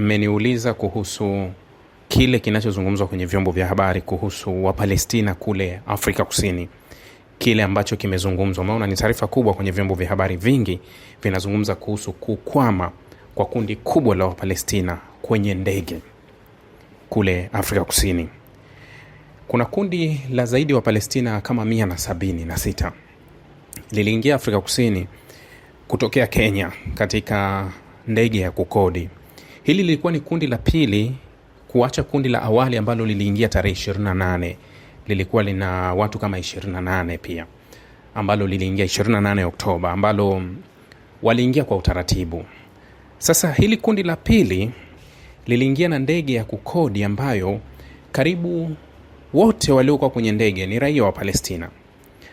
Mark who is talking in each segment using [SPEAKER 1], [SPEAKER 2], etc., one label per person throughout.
[SPEAKER 1] Mmeniuliza kuhusu kile kinachozungumzwa kwenye vyombo vya habari kuhusu Wapalestina kule Afrika Kusini, kile ambacho kimezungumzwa. Umeona ni taarifa kubwa kwenye vyombo vya habari vingi, vinazungumza kuhusu kukwama kwa kundi kubwa la Wapalestina kwenye ndege kule Afrika Kusini. Kuna kundi la zaidi Wapalestina kama mia na sabini na sita liliingia Afrika Kusini kutokea Kenya katika ndege ya kukodi Hili lilikuwa ni kundi la pili kuacha kundi la awali ambalo liliingia tarehe 28, lilikuwa lina watu kama 28 pia, ambalo liliingia 28 Oktoba, ambalo waliingia kwa utaratibu. Sasa hili kundi la pili liliingia na ndege ya kukodi ambayo karibu wote waliokuwa kwenye ndege ni raia wa Palestina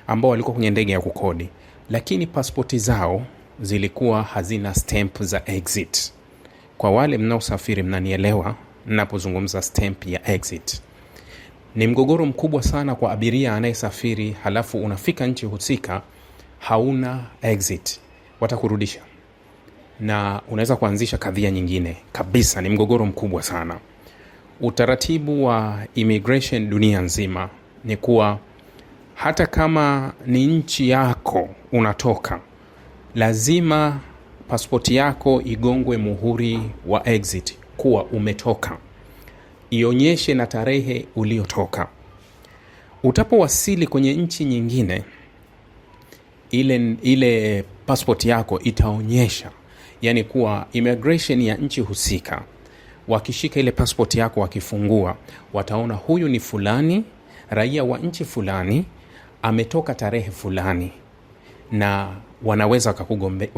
[SPEAKER 1] ambao walikuwa kwenye ndege ya kukodi, lakini pasipoti zao zilikuwa hazina stamp za exit. Kwa wale mnaosafiri, mnanielewa napozungumza stamp ya exit. Ni mgogoro mkubwa sana kwa abiria anayesafiri, halafu unafika nchi husika, hauna exit, watakurudisha na unaweza kuanzisha kadhia nyingine kabisa. Ni mgogoro mkubwa sana. Utaratibu wa immigration dunia nzima ni kuwa hata kama ni nchi yako unatoka, lazima pasipoti yako igongwe muhuri wa exit kuwa umetoka, ionyeshe na tarehe uliotoka. Utapowasili kwenye nchi nyingine, ile, ile pasipoti yako itaonyesha yani kuwa immigration ya nchi husika wakishika ile pasipoti yako wakifungua, wataona huyu ni fulani, raia wa nchi fulani, ametoka tarehe fulani na wanaweza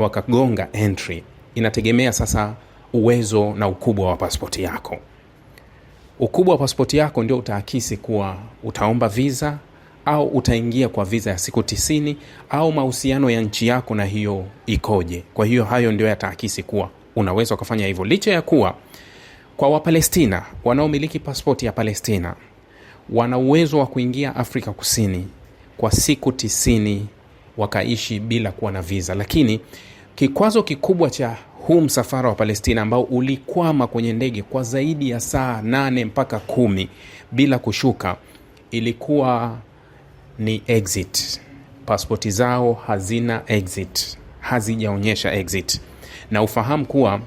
[SPEAKER 1] wakagonga entry. Inategemea sasa uwezo na ukubwa wa paspoti yako. Ukubwa wa paspoti yako ndio utaakisi kuwa utaomba visa au utaingia kwa visa ya siku tisini au mahusiano ya nchi yako na hiyo ikoje. Kwa hiyo hayo ndio yataakisi kuwa unaweza ukafanya hivyo, licha ya kuwa kwa Wapalestina wanaomiliki paspoti ya Palestina wana uwezo wa kuingia Afrika Kusini kwa siku tisini wakaishi bila kuwa na viza, lakini kikwazo kikubwa cha huu msafara wa Palestina ambao ulikwama kwenye ndege kwa zaidi ya saa nane mpaka kumi bila kushuka ilikuwa ni exit. Paspoti zao hazina exit, hazijaonyesha exit. Na ufahamu kuwa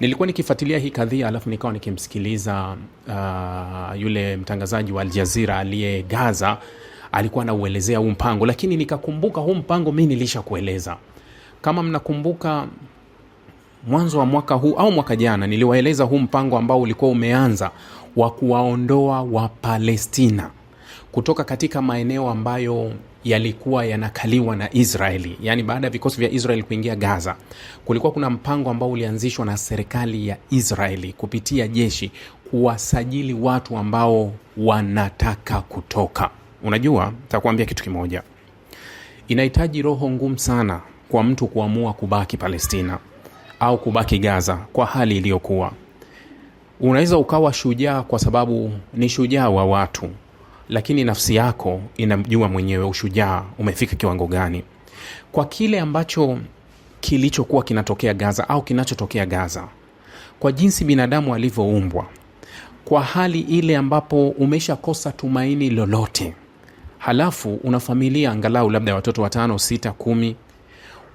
[SPEAKER 1] nilikuwa nikifuatilia hii kadhia, alafu nikawa nikimsikiliza uh, yule mtangazaji wa Aljazira aliye Gaza alikuwa anauelezea huu mpango, lakini nikakumbuka huu mpango mi nilishakueleza. Kama mnakumbuka mwanzo wa mwaka huu au mwaka jana, niliwaeleza huu mpango ambao ulikuwa umeanza wa kuwaondoa Wapalestina kutoka katika maeneo ambayo yalikuwa yanakaliwa na Israeli. Yaani, baada ya vikosi vya Israeli kuingia Gaza, kulikuwa kuna mpango ambao ulianzishwa na serikali ya Israeli kupitia jeshi kuwasajili watu ambao wanataka kutoka. Unajua, takuambia kitu kimoja, inahitaji roho ngumu sana kwa mtu kuamua kubaki Palestina au kubaki Gaza kwa hali iliyokuwa. Unaweza ukawa shujaa kwa sababu ni shujaa wa watu, lakini nafsi yako inajua mwenyewe ushujaa umefika kiwango gani. Kwa kile ambacho kilichokuwa kinatokea Gaza au kinachotokea Gaza, kwa jinsi binadamu alivyoumbwa, kwa hali ile ambapo umeshakosa tumaini lolote halafu una familia angalau labda watoto watano, sita, kumi,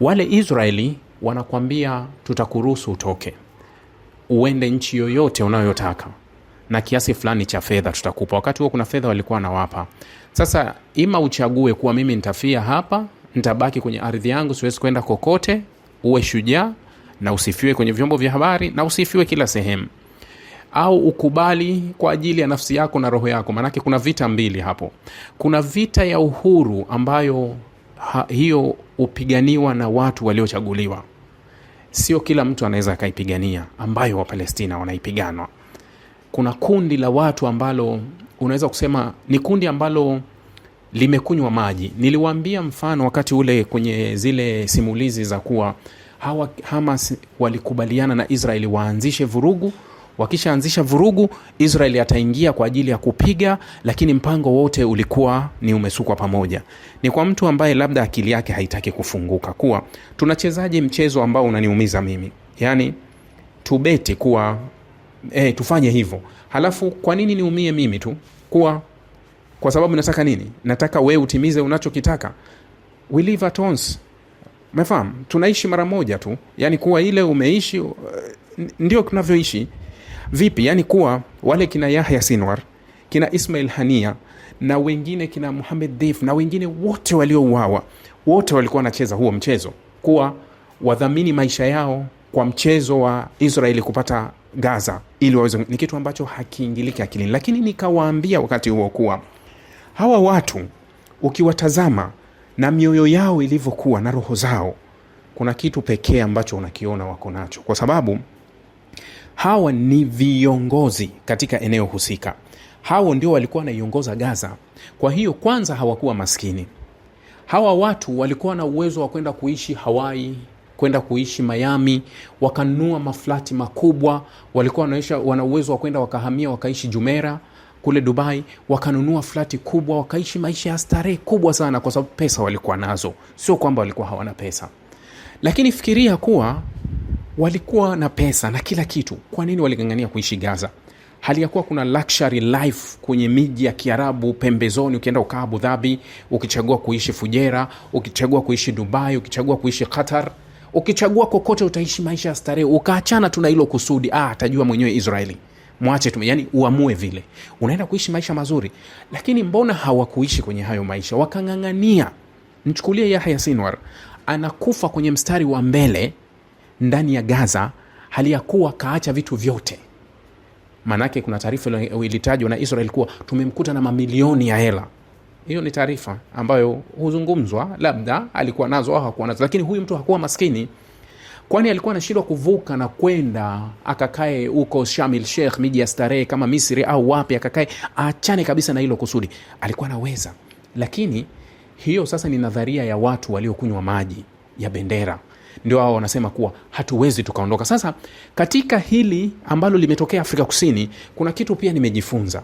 [SPEAKER 1] wale Israeli wanakwambia tutakuruhusu utoke uende nchi yoyote unayotaka na kiasi fulani cha fedha tutakupa. Wakati huo kuna fedha walikuwa nawapa. Sasa ima uchague kuwa mimi nitafia hapa, ntabaki kwenye ardhi yangu, siwezi kwenda kokote, uwe shujaa na usifiwe kwenye vyombo vya habari na usifiwe kila sehemu au ukubali kwa ajili ya nafsi yako na roho yako. Maanake kuna vita mbili hapo. Kuna vita ya uhuru ambayo ha, hiyo hupiganiwa na watu waliochaguliwa, sio kila mtu anaweza akaipigania, ambayo Wapalestina wanaipiganwa. Kuna kundi la watu ambalo unaweza kusema ni kundi ambalo limekunywa maji. Niliwaambia mfano wakati ule kwenye zile simulizi za kuwa hawa Hamas walikubaliana na Israeli waanzishe vurugu wakishaanzisha vurugu, Israeli ataingia kwa ajili ya kupiga, lakini mpango wote ulikuwa ni umesukwa pamoja. Ni kwa mtu ambaye labda akili yake haitaki kufunguka kuwa tunachezaje mchezo ambao unaniumiza mimi, yaani tubeti kuwa eh, tufanye hivyo, halafu kwa nini niumie mimi tu kuwa kwa sababu nataka nini? Nataka wee utimize unachokitaka. We live at once. Umefahamu, tunaishi mara moja tu, yaani kuwa ile umeishi eh, ndio tunavyoishi. Vipi? Yani kuwa wale kina Yahya Sinwar, kina Ismail Hania na wengine kina Muhamed Deif na wengine wote waliouawa, wote walikuwa wanacheza huo mchezo, kuwa wadhamini maisha yao kwa mchezo wa Israeli kupata Gaza ili waweze. Ni kitu ambacho hakiingiliki akilini, lakini nikawaambia wakati huo kuwa hawa watu ukiwatazama na mioyo yao ilivyokuwa na roho zao, kuna kitu pekee ambacho unakiona wako nacho, kwa sababu hawa ni viongozi katika eneo husika. Hao ndio walikuwa wanaiongoza Gaza. Kwa hiyo kwanza, hawakuwa maskini. Hawa watu walikuwa na uwezo wa kwenda kuishi hawai kwenda kuishi mayami wakanunua maflati makubwa. Walikuwa wana uwezo wa kwenda wakahamia, wakaishi Jumera kule Dubai, wakanunua flati kubwa, wakaishi maisha ya starehe kubwa sana, kwa sababu pesa walikuwa nazo. Sio kwamba walikuwa hawana pesa, lakini fikiria kuwa walikuwa na pesa na kila kitu. Kwa nini waling'ang'ania kuishi Gaza? hali ya kuwa kuna luxury life kwenye miji ya Kiarabu pembezoni. Ukienda ukaa Abu Dhabi, ukichagua kuishi Fujera, ukichagua kuishi Dubai, ukichagua kuishi Qatar, ukichagua kokote utaishi maisha ya starehe. Ukaachana na hilo kusudi, ah, atajua mwenyewe Israeli, mwache tu, yani uamue vile unaenda kuishi maisha mazuri. Lakini mbona hawakuishi kwenye hayo maisha, wakang'ang'ania? Mchukulie Yahya Sinwar anakufa kwenye mstari wa mbele ndani ya Gaza hali ya kuwa kaacha vitu vyote. Maanake kuna taarifa ilitajwa na Israel kuwa tumemkuta na mamilioni ya hela. Hiyo ni taarifa ambayo huzungumzwa, labda alikuwa nazo au hakuwa nazo, lakini huyu mtu hakuwa maskini, kwani alikuwa anashindwa kuvuka na kwenda akakae huko Shamil Sheikh, miji ya starehe kama Misri au wapi, akakae aachane kabisa na hilo kusudi. Alikuwa anaweza, lakini hiyo sasa ni nadharia ya watu waliokunywa maji ya bendera ndio hao wanasema kuwa hatuwezi tukaondoka. Sasa katika hili ambalo limetokea Afrika Kusini, kuna kitu pia nimejifunza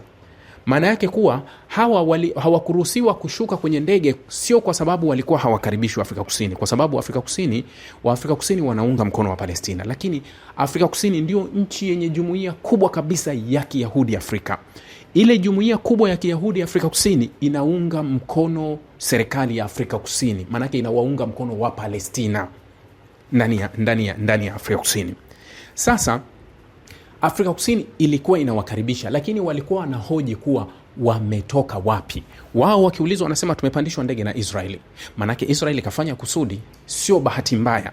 [SPEAKER 1] maana yake kuwa hawa hawakuruhusiwa kushuka kwenye ndege, sio kwa sababu walikuwa hawakaribishwi Afrika Kusini, kwa sababu Afrika Kusini wa Afrika Kusini wanaunga mkono wa Palestina, lakini Afrika Kusini ndio nchi yenye jumuiya kubwa kabisa ya Kiyahudi Afrika. Ile jumuiya kubwa ya Kiyahudi Afrika Kusini inaunga mkono serikali ya Afrika Kusini, maanake inawaunga mkono wa Palestina ndani ya, ndani ya, ndani ya Afrika Kusini. Sasa Afrika Kusini ilikuwa inawakaribisha, lakini walikuwa wanahoji kuwa wametoka wapi wao. Wakiulizwa wanasema tumepandishwa ndege na Israeli. Maanake Israeli ikafanya kusudi, sio bahati mbaya.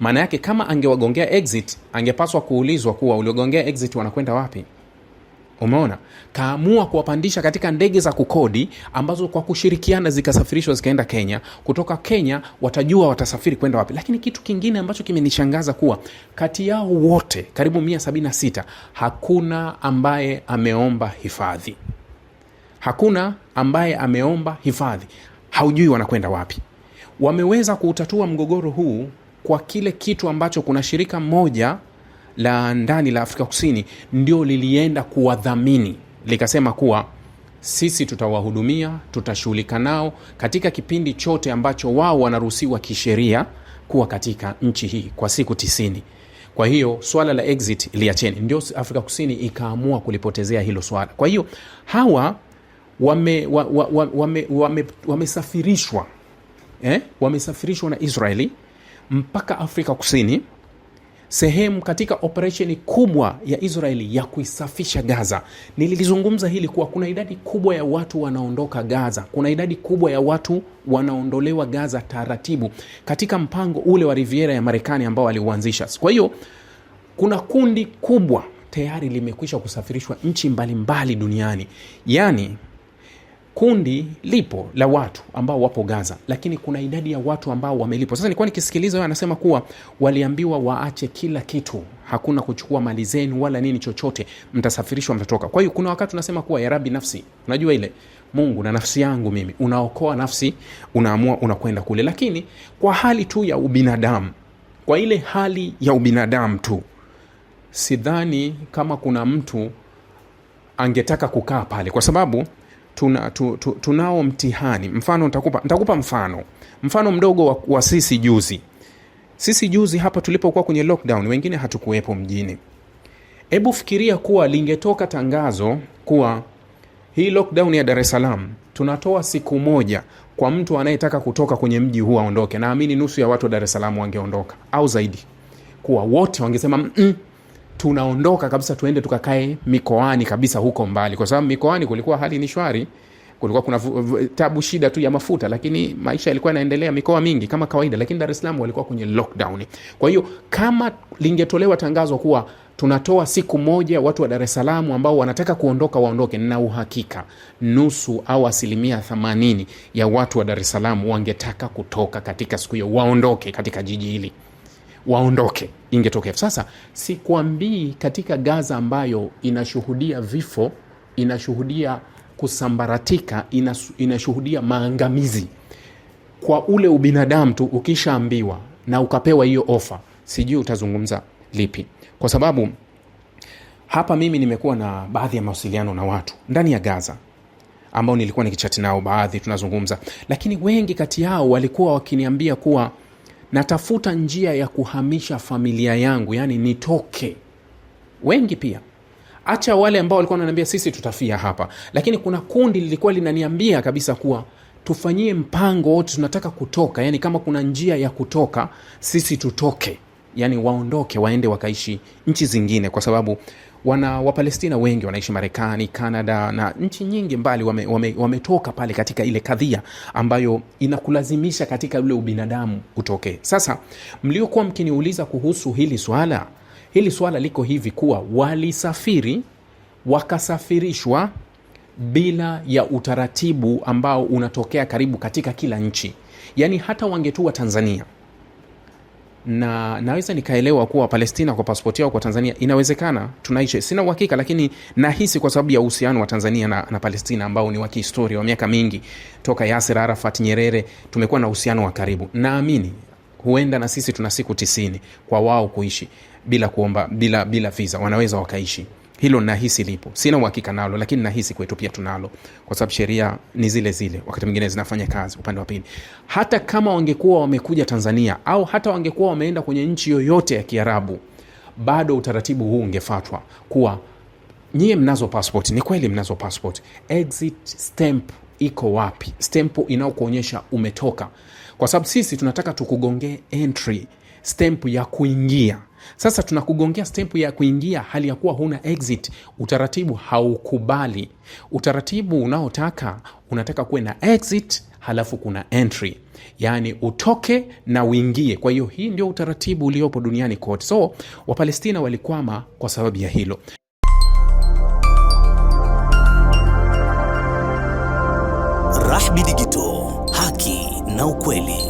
[SPEAKER 1] Maana yake kama angewagongea exit, angepaswa kuulizwa kuwa uliogongea exit wanakwenda wapi? Umeona, kaamua kuwapandisha katika ndege za kukodi ambazo kwa kushirikiana zikasafirishwa zikaenda Kenya. Kutoka Kenya watajua watasafiri kwenda wapi. Lakini kitu kingine ambacho kimenishangaza kuwa kati yao wote karibu 76 hakuna ambaye ameomba hifadhi, hakuna ambaye ameomba hifadhi. Haujui wanakwenda wapi. Wameweza kuutatua mgogoro huu kwa kile kitu ambacho kuna shirika moja la ndani la Afrika Kusini ndio lilienda kuwadhamini likasema kuwa sisi tutawahudumia, tutashughulika nao katika kipindi chote ambacho wao wanaruhusiwa kisheria kuwa katika nchi hii kwa siku tisini. Kwa hiyo swala la exit liacheni, ndio Afrika Kusini ikaamua kulipotezea hilo swala. Kwa hiyo hawa wamesafirishwa wame, wame, wame, wame eh, wamesafirishwa na Israeli mpaka Afrika Kusini sehemu katika operesheni kubwa ya Israeli ya kuisafisha Gaza. Nililizungumza hili kuwa kuna idadi kubwa ya watu wanaondoka Gaza, kuna idadi kubwa ya watu wanaondolewa Gaza taratibu, katika mpango ule wa Riviera ya Marekani ambao aliuanzisha Kwa hiyo kuna kundi kubwa tayari limekwisha kusafirishwa nchi mbalimbali duniani, yani kundi lipo la watu ambao wapo Gaza, lakini kuna idadi ya watu ambao wamelipo. Sasa nilikuwa nikisikiliza, anasema kuwa waliambiwa waache kila kitu, hakuna kuchukua mali zenu wala nini chochote, mtasafirishwa, mtatoka. Kwa hiyo kuna wakati unasema kuwa ya Rabbi nafsi, unajua ile Mungu na nafsi yangu mimi, unaokoa nafsi, unaamua unakwenda kule, lakini kwa hali tu ya ubinadamu, kwa ile hali ya ubinadamu tu, sidhani kama kuna mtu angetaka kukaa pale kwa sababu tuna, tu, tu, tunao mtihani. Mfano ntakupa, ntakupa mfano mfano mdogo wa, wa sisi juzi sisi juzi hapa tulipokuwa kwenye lockdown, wengine hatukuwepo mjini. Hebu fikiria kuwa lingetoka tangazo kuwa hii lockdown ya Dar es Salaam tunatoa siku moja kwa mtu anayetaka kutoka kwenye mji huu aondoke, naamini nusu ya watu wa Dar es Salaam wangeondoka au zaidi, kuwa wote wangesema mm, tunaondoka kabisa tuende tukakae mikoani kabisa huko mbali, kwa sababu mikoani kulikuwa hali ni shwari, kulikuwa kuna tabu shida tu ya mafuta, lakini maisha yalikuwa yanaendelea mikoa mingi kama kawaida, lakini Dar es walikuwa kwenye lockdown. Kwa hiyo kama lingetolewa tangazo kuwa tunatoa siku moja watu wa Dar es ambao wanataka kuondoka waondoke, na uhakika nusu au asilimia themanini ya watu wa Dar es wangetaka kutoka katika siku hiyo, waondoke katika jiji hili waondoke, ingetokea sasa. sikuambii katika Gaza ambayo inashuhudia vifo, inashuhudia kusambaratika, inashuhudia maangamizi kwa ule ubinadamu tu. Ukishaambiwa na ukapewa hiyo ofa, sijui utazungumza lipi, kwa sababu hapa mimi nimekuwa na baadhi ya mawasiliano na watu ndani ya Gaza ambao nilikuwa nikichati nao, baadhi tunazungumza, lakini wengi kati yao walikuwa wakiniambia kuwa natafuta njia ya kuhamisha familia yangu, yani nitoke. Wengi pia hacha wale ambao walikuwa wananiambia sisi tutafia hapa, lakini kuna kundi lilikuwa linaniambia kabisa kuwa tufanyie mpango wote, tunataka kutoka, yani kama kuna njia ya kutoka sisi tutoke yani waondoke waende wakaishi nchi zingine kwa sababu wana wapalestina wengi wanaishi marekani canada na nchi nyingi mbali wametoka wame, wame pale katika ile kadhia ambayo inakulazimisha katika ule ubinadamu utokee sasa mliokuwa mkiniuliza kuhusu hili swala hili swala liko hivi kuwa walisafiri wakasafirishwa bila ya utaratibu ambao unatokea karibu katika kila nchi yaani hata wangetua tanzania na naweza nikaelewa kuwa Palestina kwa paspoti yao kwa Tanzania inawezekana tunaishi, sina uhakika, lakini nahisi kwa sababu ya uhusiano wa Tanzania na, na Palestina ambao ni wa kihistoria wa miaka mingi toka yaser Arafat, Nyerere, tumekuwa na uhusiano wa karibu. Naamini huenda na sisi tuna siku tisini kwa wao kuishi bila kuomba bila bila visa, wanaweza wakaishi. Hilo nahisi lipo, sina uhakika nalo, lakini nahisi kwetu pia tunalo, kwa sababu sheria ni zile zile, wakati mwingine zinafanya kazi upande wa pili. Hata kama wangekuwa wamekuja Tanzania au hata wangekuwa wameenda kwenye nchi yoyote ya Kiarabu, bado utaratibu huu ungefatwa kuwa nyie mnazo passport. Ni kweli mnazo passport, exit stamp iko wapi? Stamp inayokuonyesha umetoka, kwa sababu sisi tunataka tukugongee entry stempu ya kuingia sasa tunakugongea step ya kuingia hali ya kuwa huna exit. Utaratibu haukubali. Utaratibu unaotaka unataka kuwe na exit halafu kuna entry, yaani utoke na uingie. Kwa hiyo hii ndio utaratibu uliopo duniani kote. So Wapalestina walikwama kwa sababu ya hilo. rahbi digito haki na ukweli.